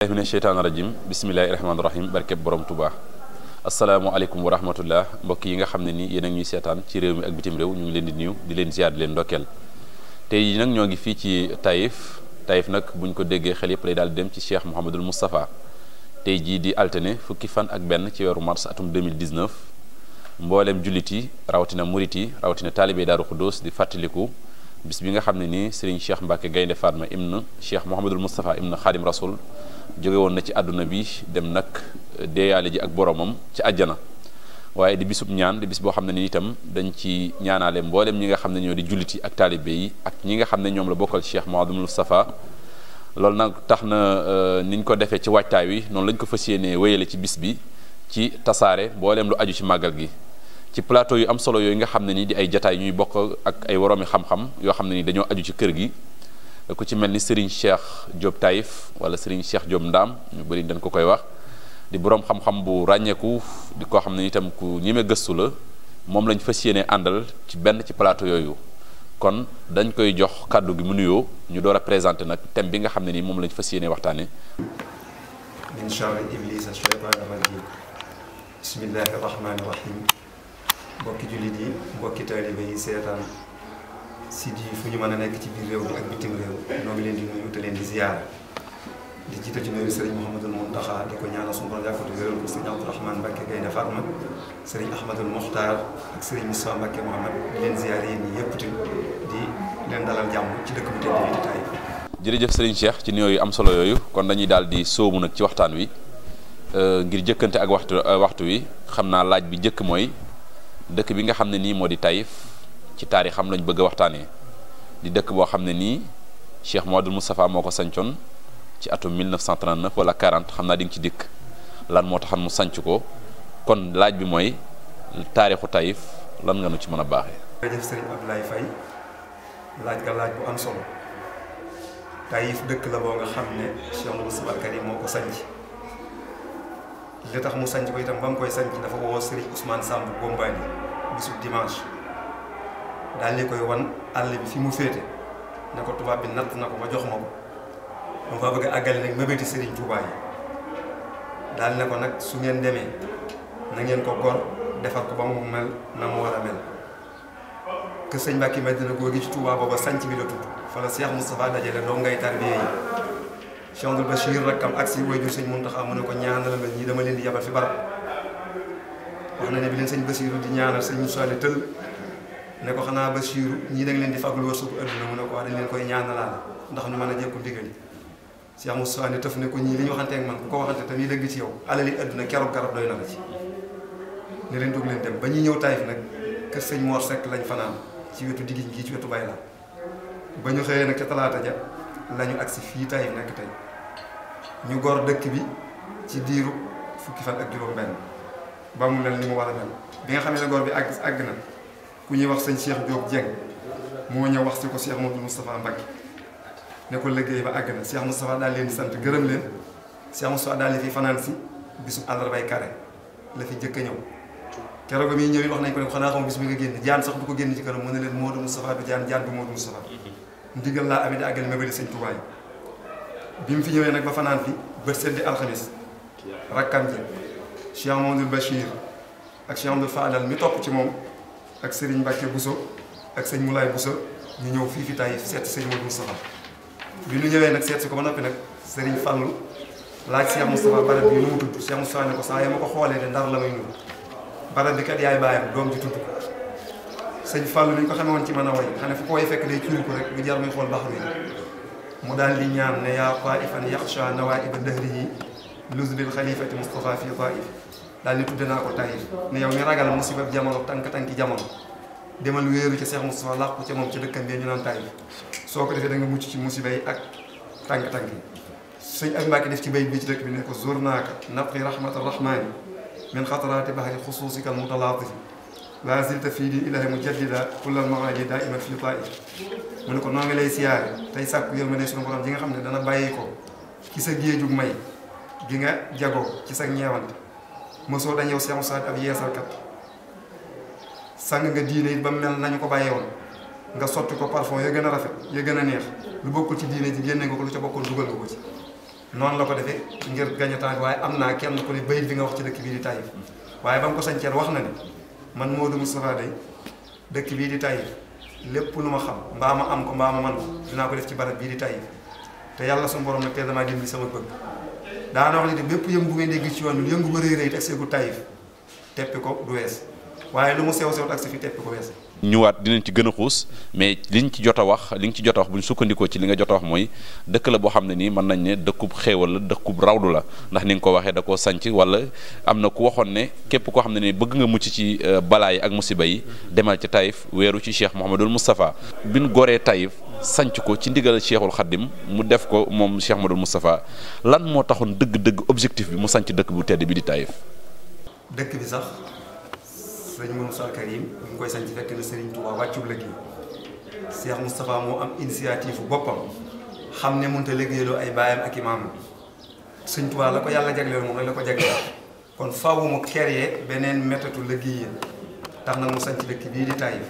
lahi mina sheytaani rajim bisimilahi rahmaani rahim barkeb borom tubaa asalaamaaleykum wa rahmatullah mbokk yi nga xam ne ni yéen a ñuy seetaan ci réew mi ak bitim réew ñu ngi leen di nuyu di leen ziar leen ndokkeel tey yi nag ñoo ngi fii ci Taïf Taïf nag buñ ko déggee xel yëpp lay daal di dem ci Cheikh Mouhamadul mustafa tey jii di altine fukki fan ak benn ci weeru mars atum 2019 mboolem jullit yi rawatina murit yi rawatina taalibe Daaru Xuddoos di fàttaliku bis bi nga xam ne nii Serigne Cheikh Mbacke Gaynde Fatma ibn Cheikh Mouhamadul Moustapha ibn Xaadim Rasul jóge woon na ci àdduna bi dem nag euh, deeyaale ji ak boromam ci àjjana waaye di bisub ñaan di bis boo xam ne ni itam dañ ci ñaanaale mboolem ñi nga xam ne ñoo di julliti ak taalibe yi ak ñi nga xam ne ñoom la bokkal Cheikh Mouhamadul Moustapha loolu nag tax na euh, niñ ko defee ci waajtaay wi noonu lañ ko fas yéenee wéyale ci bis bi ci tasaare mboolem lu aju ci màggal gi ci plateau yu am solo yoy nga xamne ni di ay jotaay ñuy bokk ak ay woromi xam-xam yo xamne ni dañoo aju ci kër gi ku ci melni Serigne Cheikh job Taïf wala Serigne Cheikh job ndam ñu bari dañ ko koy wax di borom xam-xam bu ragneku di ko xamne ne itam ku ñime gëstu la mom lañ fas yéene àndal ci benn ci plateau yooyu kon dañ koy jox kàddu gi mu nuyo ñu doora présenter nak nag thème bi nga xamne ni mom lañ fas yéene waxtaane min iblis ashaytan rajim bismillahi rahmani rahim mbokki jullit yi mbokki taalibe yi seetaan si di fu ñu mën a nekk ci biir réew mi ak bitim réew ñoo ngi leen di nuyu te leen di ziyaara di jiite ci nuyu Serigne Mouhamadul Mountakha di ko ñaanal ko Serigne Abdourahmane Mbacke Gaynde Fatma Serigne Ahmadul Mokhtar ak ci dëkk bu yu am solo yooyu kon dañuy daal di sóobu nag ci waxtaan wi euh, ngir jëkkante ak waxtu waxtu wi xam naa laaj bi jëkk mooy dëkk bi nga xam ne nii moo di Taïf ci xam lañ bëgg a waxtaanee di dëkk boo xam ne nii Cheikh Mouhamadoul Moustapha moo ko sancoon ci atum 1939 wala 40 xam naa di nga ci dikk lan moo taxan mu sanc ko kon laaj bi mooy taarixu Taïf lan nga nu ci mën a baaxee. jërëjëf Serigne dëkk la boo li tax mu sanc ko itam ba mu koy sanc dafa woo Serigne Ousmane Samb Gombani bisu dimanche daal di koy wan àll bi fi mu féete ne ko tubaab bi natt na ko ba jox ma ko dama faa bëgg a àggale nag mébéti Serigne Touba yi daal ne ko nag su ngeen demee na ngeen ko gor defar ko ba mu mel na mu war a mel que sëñ Mbacke Madina Góor gi ci Touba booba sanc bi la tudd fa la Cheikh Moustapha dajale doo ngay tarbiye yi Cheikh Amadou Bachir rakkam ak si way jur sëñ Muntaxa mu ne ko ñaanal ma ñii dama leen di yabal fi barab wax na ne bi leen sëñ Bachir di ñaanal sëñ Moussa ne tël ne ko xanaa Bachir ñii da leen di fagul wa suuf adduna mu ne ko wax dañ leen koy ñaanalaal ndax ñu mën a jekku digal yi Cheikh Moussa ne tëf ne ko ñii lañu ñu waxante ak man ku ko waxante te nii dëgg ci yow alali adduna keroog garab doy na la ci ne leen dugg leen dem ba ñuy ñëw Taïf nag sëñ Mor Seck lañ fanaan ci wetu diggiñ gii ci wetu bay la ñu xëyee nag ca talaata ja la fii Taïf nekk tey ñu gor dëkk bi ci diiru fukki fan ak juróom benn ba mu mel ni mu war a mel bi nga xam ne gor bi àgg àgg na ku ñuy wax sëñ Cheikh Diop Dieng moo ñëw wax si ko Cheikh Modou Moustapha Mbacké ne ko liggéey ba àgg na Cheikh Moustapha daal leen sant gërëm leen Cheikh Moustapha daal di fi fanaan si bisu àllarbay kare la fi jëkk a ñëw keroog ba muy ñëw wax nañ ko ne xanaa xam bis mi nga génn jaan sax du ko génn ci kanam mu ne leen Modou Moustapha du jaan jaan du bi mu fi ñëwé nak ba fanaan fi ba seddi alxamis rakkam ji Cheikh Amadou Bachir ak Cheikh Amadou Fadal mi top ci mom ak Serigne Mbacke Bousso ak serigne Moulay Bousso ñu ñëw fi fi tay seet serigne sëñ Modou bi ñu ñëwé nak seet si ko ba nopi nak Serigne fallu laaj Cheikh Moustapha barab bi ñu mu tudd Cheikh Moustapha ne ko saa ya ko xoolee de ndar la may nuyu barab bi kat yaay bàyyam doom ji tudd ko sëñ Fallou ni ñu ko xamé won ci mëna way xam ne fu ko way fekk day cuuri ko rek bu jar muy xool baax mu daal di ñaan ne yaa taifan yaxsha nawaiba dahrihi luzbil xalifati mustafa fi taif daal di tudde naa ko taif ne yow mi ragal musiba jamono tànk-tànki jamono demal wéeru ca Seex Mustafa làqu ca moom ca dëkkam bi ñu naan taif soo ko defee da nga mucc ci musiba yi ak tànk-tànk yi sëñ ak Mbàkke def ci bay bi ci dëkk bi ne ko zurnaaka naqi rahmata rahmani min xataraati bahri xusuusika almutalaatifi laa zilta fii diin ilaahi mujaddida kullal maadi daa'iman fii taa'ir mu ne ko noo ngi lay siyaare tey sàkku yërmande sunu borom ji nga xam ne dana bàyyi ko ci sa géejug may gi nga jagoo ci sa ñeewante mosoo dañ yow Seex Saad ab yeesalkat sang nga diine it ba mel nañu ko bàyyee woon nga sotti ko parfum yoo gën a rafet yoo gën a lu bokkul ci diine ji génne nga ko lu ca bokkul dugal nga ko ci noonu la ko defee ngir gañ a waaye am naa kenn ku ne bayit bi nga wax ci dëkk bii di Taïf waaye ba mu ko sañceel wax na ne man moo Modou Moustapha day dëkk bii di Taïf lépp lu ma xam mbaa ma am ko mbaa ma man ko dinaa ko def ci barab bii di Taïf te yàlla suñu borom nag teel damaa dimbali sama bëgg daana wax ne de bépp yëngu bu ngeen dégg ci yoon yëngu ba rëy rëy te seegu Taïf teppi ko du wees waaye lu mu sew sew tax ñëwaat dinañ ci gën a xuus mais liñ ci jot a wax li nga ci jot a wax bu sukkandikoo ci li nga jot a wax mooy dëkk la boo xam ne nii mën nañ ne dëkkub xéewal la dëkkub rawlu la ndax ni nga ko waxee da koo sanc wala am na ku waxoon ne képp koo xam ne nii bëgg nga mucc ci euh, balaa yi ak musiba yi demal ci Taïf weeru ci Cheikh Mouhamadul Moustapha bi ñu goree Taïf sanc ko ci ndigal Cheikhul Khadim mu def ko moom Cheikh Mouhamadul Moustapha lan moo taxoon dëgg-dëgg objectif bi mu sanc dëkk bu tedd bi di Taïf sëriñ Moussa Karim ñu ngi koy sañ ci fekk na sëriñ Touba wàccub liggéey Cheikh Moustapha moo am initiative boppam xam ne mënut a liggéeyloo ay baayam ak i maamam sëñ Touba la ko yàlla jagleel moom rek la ko jagleel kon faaw mu créer beneen méthode liggéey tax nag mu sañ ci dëkk bii di Taïf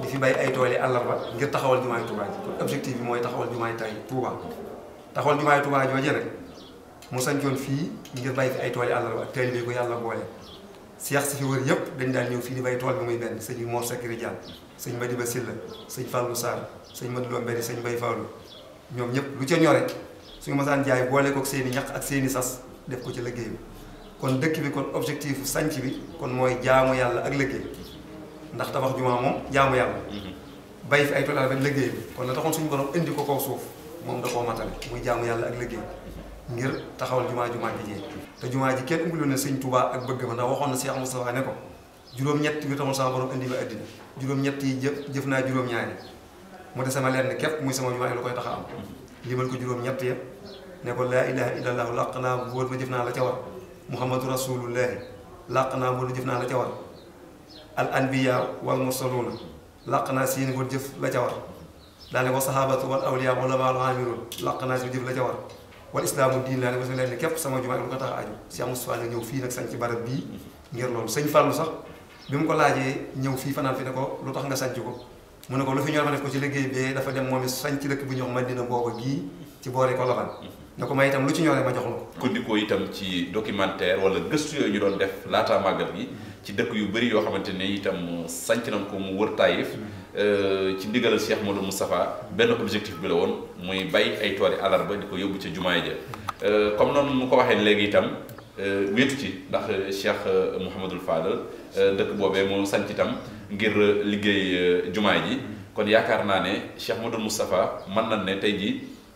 di fi bay ay tool yi àllarba ngir taxawal jumaay Touba ji kon objectif bi mooy taxawal jumaay tay Touba taxawal jumaay Touba jooju rek mu sañcoon fii ngir bay fi ay tool yi àllarba ak taalibe ko yàlla boole. seex si fi wër yëpp dañ daan ñëw fii di bay tool bi muy benn sëñ Mor Seck Ridial sëñ Madiba Silla sëñ Fallou Sarr sëñ Madou Lomberi sëñ Mbaye Fallou ñoom ñëpp lu ca ñore suñu masaan jaay boole ko seen i ñaq ak seen i sas def ko ci liggéey bi kon dëkk bi kon objectif sanc bi kon mooy jaamu yàlla ak liggéey ndax tabax jumaa moom jaamu yàlla bay fi ay tool ak liggéey bi kon la taxoon suñu borom indi ko kaw suuf moom da koo matale muy jaamu yàlla ak liggéey ngir taxawal jumaa jumaa ji jee te jumaa ji kenn umbuloon na sëñ Touba ak bëgg ma ndax waxoon na Cheikh Moustapha ne ko juróom-ñett yu taxoon sama borom indi yi jëf naa juróom-ñaari mu de sama lenn képp muy sama jumaa yi lu koy taxa a am limal ko juróom-ñett ya ne ko laa ilaha illallah làq naa wóor ma jëf naa la ca war muhammadu rasulullahi làq naa wóor ma jëf naa la ca war al anbiya wal mursaluuna làq naa si yéen jëf la ca war daane wa sahabatu wal awliya wala maalu amiroon làq si la ca wal islaamu diin laa ne parce que leen ne képp sama jumaa lu ko tax aju si amus faa nga ñëw fii nag sanc barab bii ngir loolu sëñ Fallou sax bi mu ko laajee ñëw fii fanaan fi ne ko lu tax nga sanc ko mu ne ko lu fi ñor ma def ko ci liggéey bee dafa dem moom it sanc dëkk bu ñuy wax Madina booba gii ci boori ko loxan ne ko may itam lu ci ñoree ma jox la kundikoo itam ci documentaire wala gëstu yooyu ñu doon def laataa màggal gi ci dëkk yu bëri yoo xamante ni itam sanc nañ ko mu wër Taïf euh, ci ndigalal Cheikh Modou Moustapha benn objectif bi la woon muy bay ay tooli alarba di ko yóbbu ca jumaay ja euh, comme noonu mu ko waxee léegi itam euh, wéetu ci ndax Cheikh Mouhamadul Fadal dëkk boobee moo sanc itam ngir liggéey jumaay ji kon yaakaar naa ne Cheikh Modou Moustapha mën na ne tey jii.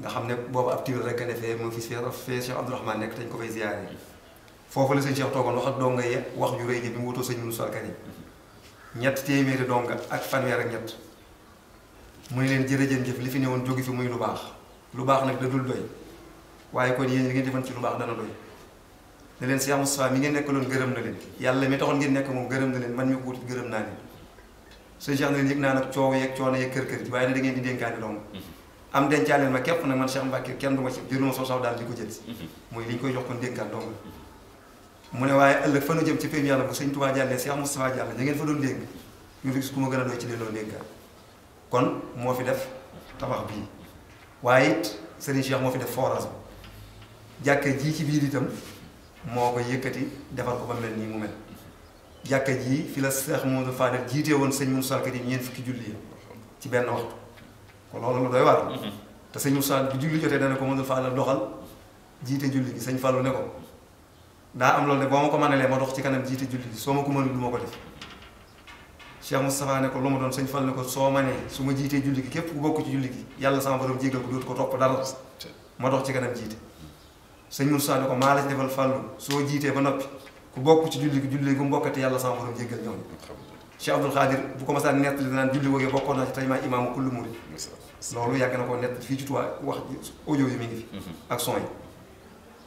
nga xam ne boobu ab tiir rek a defee mu fi seer fee Cheikh Abdourahmane nekk dañ ko fay ziyaare foofu la sëñ Cheikh toogoon wax ak donga ye wax ju rëy ji bi mu wutoo sëñ Moussa Kane ñett téeméeri donga ak fanweer ak ñett mu ne leen jërëjëf jëf li fi newoon jóge fi muy lu baax lu baax nag da dul doy waaye kon yéen li ngeen defoon ci lu baax dana doy ne leen Cheikh Moustapha mi ngeen nekkaloon gërëm na leen yàlla mi taxoon ngeen nekk moom gërëm na leen man mi ko wutit gërëm naa leen sëñ Cheikh ne leen yëg naa nag coow yeeg coono yeeg kër kër ji waaye ne da ngeen di dénkaani dong am dencaaneel ma képp nag man Cheikh Mbacke kenn du ci jëluma soo saw daal di ko jël mhm. mooy li ñu koy jox ko ndénkaan dong mu ne waaye ëllëg fa nu jëm ci pém yàlla bu sëñ Tuubaa jàllee Cheikh Moustapha jàll ña ngeen fa doon dénk a doy kon moo fi def tabax waaye it moo fi def forage bi jàkke jii ci biir itam moo ko yëkkati defar ko ba mel nii mu mel jàkka jii fi la Cheikh Momadou Fadel jiitee woon sëñ Moussa Karim ñeent fukki julli ci benn waxtu kon loolu lu doy waar mhm. te sëñ Moussa bu julli ko doxal jiite julli gi sëñ Fallou am loolu ne boo ma ko ma dox ci kanam jiite julli soo ma ko mënul du ma ko def ko lu ma doon sëñ Fallou ne ko soo manee su ma jiitee julli képp ku bokk ci julli gi yàlla sama borom ko dootu ko topp dox ci kanam jiite sëñ Moussa ko maa la ci defal Fallou soo jiitee ba noppi ku bokk ci julli gi julli gu mbokkati yàlla sama borom jégal ñoom Cheikh Abdoul Khadir bu ko masaan nettali naan julli woogee bokkoon naa ci tey maa imaamu kullu murid loolu yàgg na ko nett fii ci Tuubaa wax ji audio yi mi ngi fi ak son yi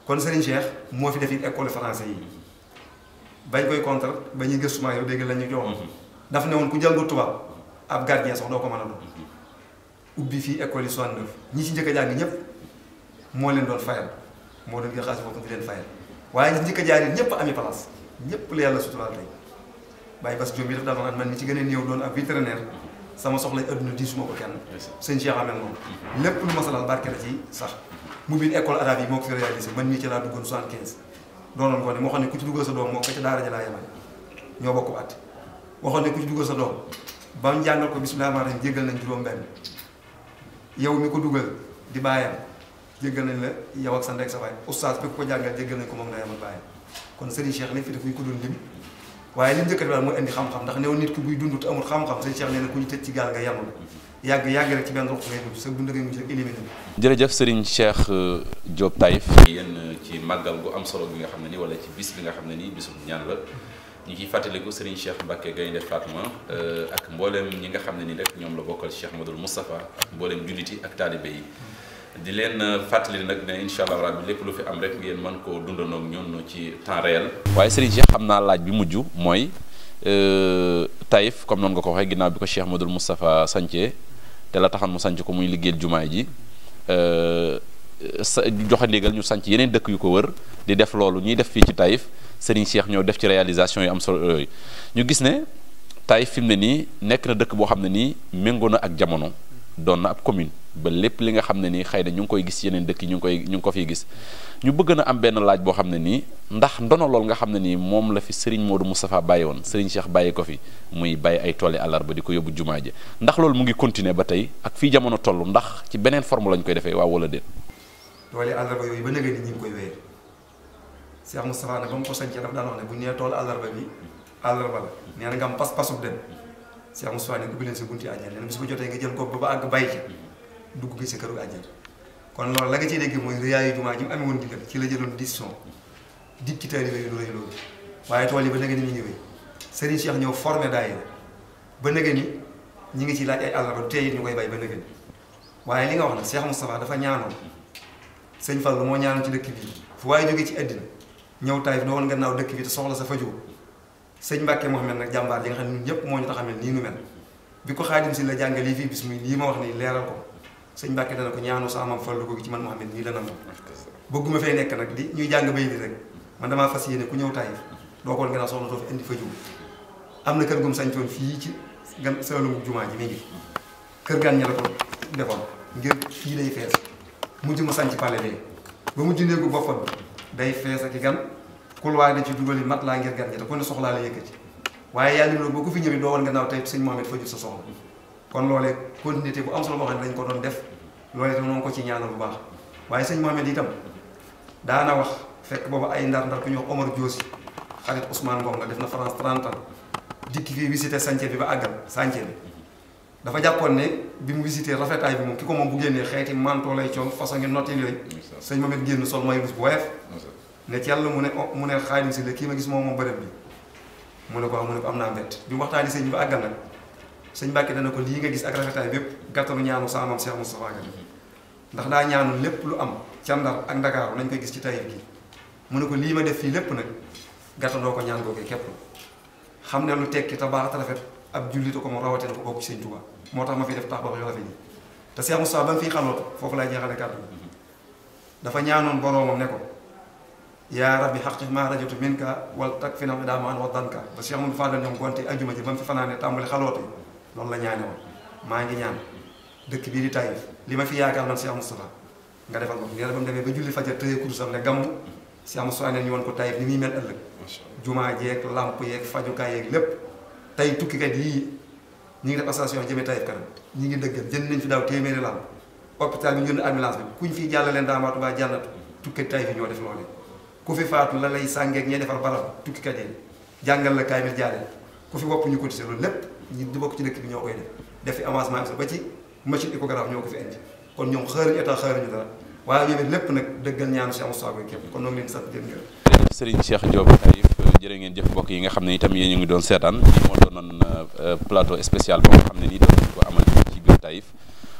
kon Serigne Cheikh moo fi def it école français yi bañ koy contre ba ñuy gëstu la ñu joxoon daf ne woon ku jàngu tubaab ab gardien sax doo ko mën a doon fii école yi 69 ñi ci njëkk a jàng ñëpp moo leen doon fayal moo doon jël xaalis boppam di leen fayal waaye ñi njëkk a jaar ñëpp ami place ñëpp la yàlla suturaal tey Baye Bass Diop bi daf daal ma naan man mi ci gën a néew doon ab vétérinaire sama soxlay adduna diisuma ko kenn sëñ Cheikh amel moom lépp lu ma sa laal barke la ci sax mu biir école arabe yi moo ko fi réalisé moo xam ne ku ci duggal sa doom moo ko ñoo bokk at waxoon ne ku ci sa doom ba mu jàngal ko bismillah ma rahim jéggal nañ juróom benn yow mi ko dugal di bàyyam jéggal nañ la yow ak sa ndek sa baay oustaz bi ko jàngal jéggal nañ ko moom la yemal bàyyam kon Serigne Cheikh ne fi daf ñu ko doon lim waaye li njëkk a mooy indi xam-xam ndax néew nit ki buy dund te amul xam-xam sëñ Cheikh nee na ku ñu tëj ci gaal nga yàggul yàgg yàgg rek ci benn ruq ngay dund sa dund ngay mujj rek éliminé jërëjëf sëriñ Cheikh Diop Taïf yéen ci màggal gu am solo bi nga xam ne ni wala ci bis bi nga xam ne ni bisu ñaan la ñu ciy fàttaliku sëriñ Cheikh Mbacke Gaynde Fatma ak mbooleem ñi nga xam ne ni rek ñoom la bokkal Cheikh Madul Moustapha ak mbooleem julliti ak taalibe yi di leen euh, fàttali nag ne incha allah rabbi lépp lu fi am rek ngeen man koo dundandoo ak ñun ci temps réel. waaye Serigne Cheikh xam naa laaj bi mujj mooy euh, Taïf comme noon nga ko waxee ginnaaw bi ko Cheikh Modou Moustapha sancee te la taxan mu sanc ko muy liggéeyal jumaa ji euh, sa joxe ñu sanc yeneen dëkk yu ko wër di def loolu ñuy def fii ci Taïf Serigne Cheikh ñoo def ci réalisation yi am solo yooyu ñu gis ne Taïf fi mu ne nii nekk na dëkk boo xam ne nii méngoo na ak jamono doon na ab commune. ba lépp li nga xam ne nii xëy na ñu ngi koy gis yeneen dëkk ñu ngi koy ñu ngi ko fiy gis ñu bëgg na am benn laaj boo xam ne nii ndax ndono lool nga xam ne nii moom la fi Serigne Modou Moustapha bàyyi woon Serigne Cheikh bàyyi ko fi muy bàyyi ay toole àllarba di ko yóbbu jumaa ji ndax loolu mu ngi continuer ba tey ak fii jamono toll ndax ci beneen forme lañ koy defee waaw wala déet. toole àllarba yooyu ba léegi nit ngi koy wéyal Cheikh Moustapha nag ba mu ko sañcee daf daan ne bu nee tool àllarba bi àllarba la nee na nga am pas-pasu dem Cheikh Moustapha ne ubbi leen sa bunti àjjana bis bu jotee nga jël ko ba àgg bàyyi ci dugg gi sa këru àjjana kon loolu la nga ciy dégg mooy rëyaayu jumaa ji mu amee woon ndigal ci la jëloon décision dig ci taalibe yi lu rëy loolu waaye tool yi ba nage ni ñu ngi wéy ñëw formé daayira ba nage ni ñi ngi ci laaj ay àll ba tey ñu koy bay ba nage ni waaye li nga wax nag Cheikh Moustapha dafa ñaanoon sëñ Fallou moo ñaanoon ci dëkk bi fu waaye jógee ci àddina ñëw Taïf doo woon gannaaw dëkk bi te soxla sa fajoo sëñ Mbacke Mouhamed nag jàmbaar li nga xam ne ñun ñëpp moo ñu tax a mel nii nu bi ko xaadim si la jàngalee fii bis muy lii ma wax nii leeral ko sëñ Mbàkke dana ko ñaanu sa amam fallu ko ci man Muhammad nii la nangu bëgguma fay nekk nag di ñuy jàng bay di rek man damaa fas yéene ku ñëw Taïf doo koon gannaaw soxna too am na kër gum sañcoon fii ci gan saalum jumaa ji mi ngi kër ko defoon ngir fii day fees mujj mu sañc pale bi ba mujj néegu boppam day fees ak gan couloir da ci dugal mat laa ngir gan ñi te ku ne soxlaa la yaa ngi loolu boo fi ñëwee doo woon gannaaw Taïf sëñ sa soxla kon loolee continuité bu am solo boo xam ne dañ ko doon def loolee itam noonu ko ci ñaanal bu baax waaye sëñ Mohamed itam daana wax fekk boobu ay ndar ndar ku ñuy wax Omar Diosi xarit Ousmane Ngom la def na France 30 dikk dikki fii visité chantier bi ba àggal chantier dafa jàppoon ne bi mu visité rafetaay bi moom ki ko moom bu génnee xeeti manto lay coon façon ngi notti yooyu sëñ Mohamed génn sol mayu bu woyof ne ci yàlla mu ne mu ne xaalim si la kii ma gis moom moom bërëb bi mu ne ko am naa mbett bi mu waxtaani sëñ bi ba àggal sëñ Mbàkke dana ko lii nga gis ak rafetaay bépp gàttanu ñaanu sa amam Cheikh Moustapha nga ndax daa ñaanu lépp lu am ci Ndar ak Ndakaaru nañ koy gis ci tayif gi mu ne ko lii ma def fii lépp nag gàttandoo ko ñaan googee xam ne lu tekki te baax te rafet ko ma rawatee na ko bokk ci sëñ moo tax ma fi def tax ba ba rafet yi te Cheikh Moustapha ba mu fiy xalootu foofu laay jeexale kàddu dafa ñaanoon boroomam ne ko yaa rabbi xaqi maa rajatu minka wal tak fi na idaa ma an wa danka ba loolu la ñaane woon maa ngi ñaan dëkk bii di Taïf li ma fi yaakaar man Cheikh Moustapha nga defal ko nee ba mu demee ba julli fajar tëye kursam ne gàmmu Cheikh Moustapha ne ñu woon ko Taïf ni muy mel ëllëg jumaa jeeg lamp yeeg fajukaay yeeg lépp tey tukkikat yii ñu ngi def association jëmee Taïf kanam ñi ngi dëgg jën nañ fi daaw téeméeri lamp hôpital bi ñu jënd ambulance bi kuñ fi jàll leen daambaa Tuubaa jànnatu tukkikat yi ñoo def loolu ku fi faatu la lay sàngeeg ñee defar barab tukkikat yi jàngal la kaamil jaaree ku lépp ñi di bokk ci dëkk bi ñoo koy def def fi avancement ba ci machine échographe ñoo ko fi indi kon ñoom xaaruñu état xaaruñu dara waaye ñoom lépp nag dëggal ñaanu si Moussa Gueye képp kon ñoo ngi leen di sant di leen gërëm. Serigne Cheikh ngeen jëf bokk yi nga xam ne itam yéen ñu ngi doon seetaan moo moo doonoon euh, plateau spécial boo nga xam ne nii doon ko amal ci biir Taïf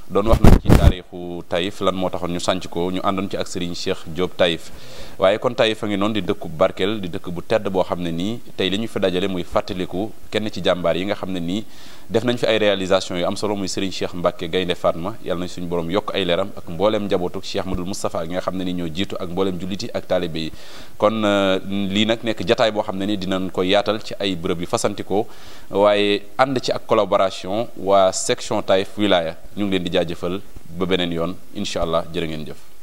doon wax nag ci taarixu Taïf lan moo taxoon ñu sànc ko ñu àndoon ci ak Serigne Cheikh Diop Taïf waaye kon Taïf a ngi noonu di dëkku bu barkeel di dëkk bu tedd boo xam ne nii tey li ñu fi dajale muy fàttaliku kenn ci jàmbaar yi nga xam ne nii def nañ fi ay réalisation yu am solo muy Serigne Cheikh Mbacke Gaynde Fatma yàlla nañ suñu borom yokk ay leeram ak mbooleem njabootuk Cheikh Madul Moustapha ak nga xam ne ni ñoo jiitu ak mbooleem julliti ak taalibe yi kon euh, lii nag nekk jataay boo xam ne ni dinañ ko yaatal ci ay bërëb yu fasantikoo waaye ànd ci ak collaboration waa section Taïf wilaya ñu ngi leen di jaajëfal ba beneen yoon incha allah jërë ngeen jëf